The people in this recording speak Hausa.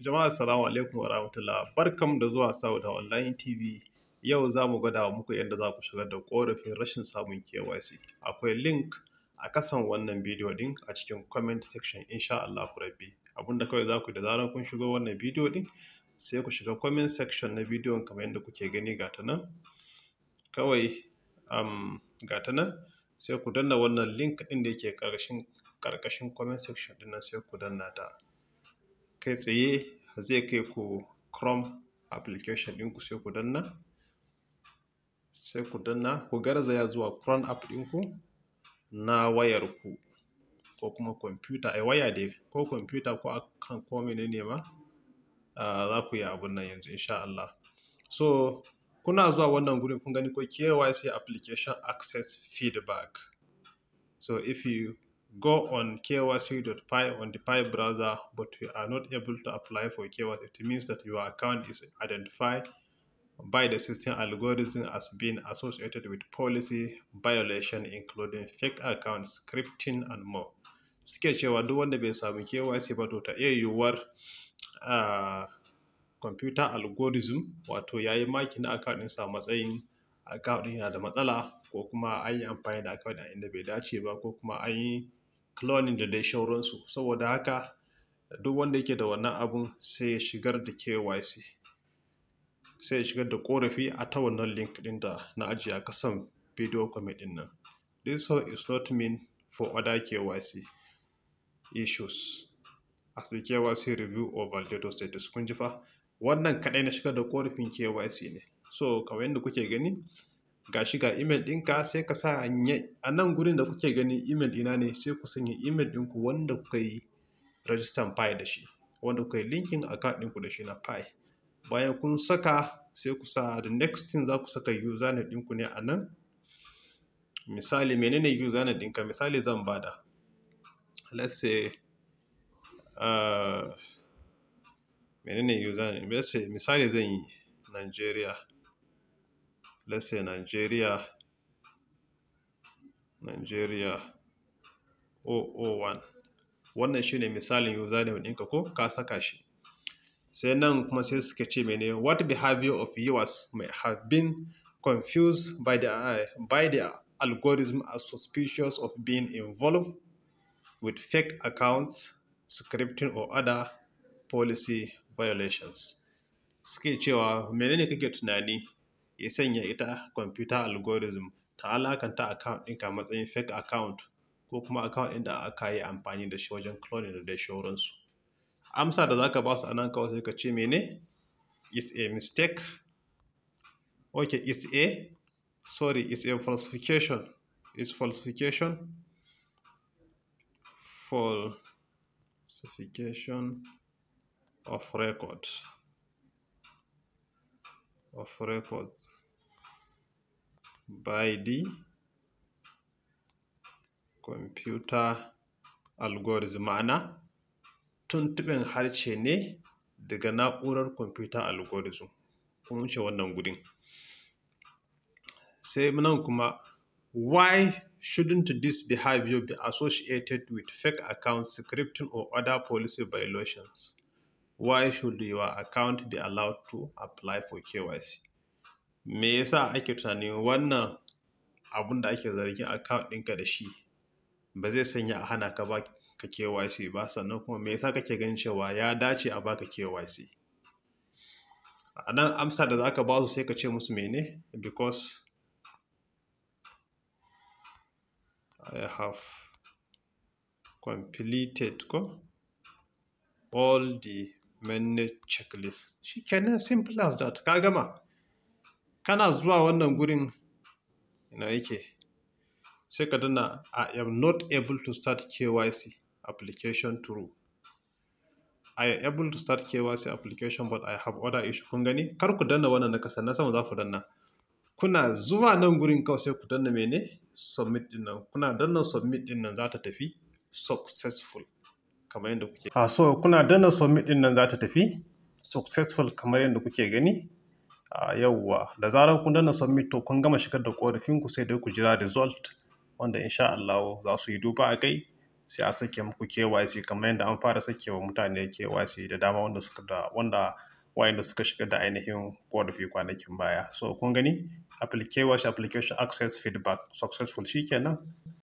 Jama'a assalamu alaikum warahmatullah barkam da zuwa da online TV yau za mu gwada muku yadda za ku shigar da ƙorafin rashin samun KYC akwai link a kasan wannan bidiyo din a cikin comment section insha Allah rabbi abinda kawai za ku da zarar kun shigo wannan bidiyo din sai ku shiga comment section na bidiyon kamar yadda kuke gani gata nan kawai um, gata nan sai ku danna wannan link ɗin da yake ƙarƙashin comment section ɗin nan sai ku danna ta kai tsaye zai kai ku chrome application ɗinku sai ku danna sai ku danna ku garzaya zuwa chrome app ɗinku na ku ko kuma computer a waya dai ko computer ko akan ne ne ma za ku yi abun nan yanzu insha Allah so kuna zuwa wannan gurin kun gani ko KYC application access feedback so if you go on kyc.py on the Py browser, but we are not able to apply for KYC. It means that your account is identified by the system algorithm as being associated with policy violation including fake account scripting and more suke cewa duk wanda bai samu KYC ba to ta iya yiwuwar ah, computer algorithm wato yayi makin account din sa matsayin account din yana da matsala ko kuma an yi amfani da account din inda bai dace ba ko kuma an yi cloning da dai shauransu saboda haka duk wanda yake da wannan abun sai ya shigar da KYC sai ya shigar da korafi a ta wannan link din da na ajiye a kasan video comment din nan this one is not mean for other KYC issues as the KYC review or validator status kun ji fa wannan kadai na shigar da korafin KYC ne so kamar yadda kuke gani gashi ga email ɗinka sai ka sa a nan gurin da kuke gani email ɗina ne sai ku sanya email ɗinku wanda kuka yi rajistan pi da shi wanda kuka yi linkin account ɗinku da shi na pi bayan kun saka sai ku sa the next thing za ku saka username ɗinku ne a nan misali menene username ɗinka misali zan bada let's say uh, menene username let's say misali zan yi Nigeria let's say Nigeria, Nigeria 001. Wannan shi ne misalin username ɗinka ko ka saka shi. Sai nan kuma sai suka ce mene what behavior of viewers may have been confused by the, by the algorithm as suspicious of being involved with fake accounts, scripting or other policy violations. Suke cewa menene kake tunani ya sanya ita computer algorithm ta alakanta account ɗinka a matsayin fake account ko kuma account ɗin da aka yi amfani da shi wajen cloning da dai sauransu. Amsa da zaka ba su a nan kawai sai ka ce mene? It's a mistake. Okay, it's a sorry, it's a falsification. It's falsification. Falsification of records. of records by the computer algorithm ma'ana tuntuɓin harshe ne daga na'urar computer algorithm kuma wuce wannan gudun sai nan kuma why shouldn't this behavior be associated with fake account scripting or other policy violations why should your account be allowed to apply for KYC? Me yasa ake tunanin wannan abun da ake zargin account ɗinka da shi ba zai sanya a hana ka ba ka KYC ba sannan kuma me yasa kake ganin cewa ya dace a baka KYC? A nan amsa da za ka ba su sai ka ce musu mene? Because I have completed ko all the manage checklist kenan simple as that ka gama kana zuwa wannan gurin ina yake sai ka dana i am not able to start kyc application through I am able to start KYC application but I have other issue kun gani kar ku danna wannan na kasa na sama za ku danna kuna zuwa nan gurin kawai sai ku danna mene submit din nan kuna danna submit din nan za ta tafi successful kamar yadda kuke ha so kuna danna submit din nan za ta tafi successful kamar yadda kuke gani a yauwa da zarar kun danna submit to kun gama shigar da korafin ku sai dai ku jira result wanda insha Allah za su yi duba a kai sai a sake muku KYC kamar yadda an fara sake wa mutane KYC da dama wanda suka da wanda suka shiga da ainihin korafi kwanakin baya so kun gani application application access feedback successful shikenan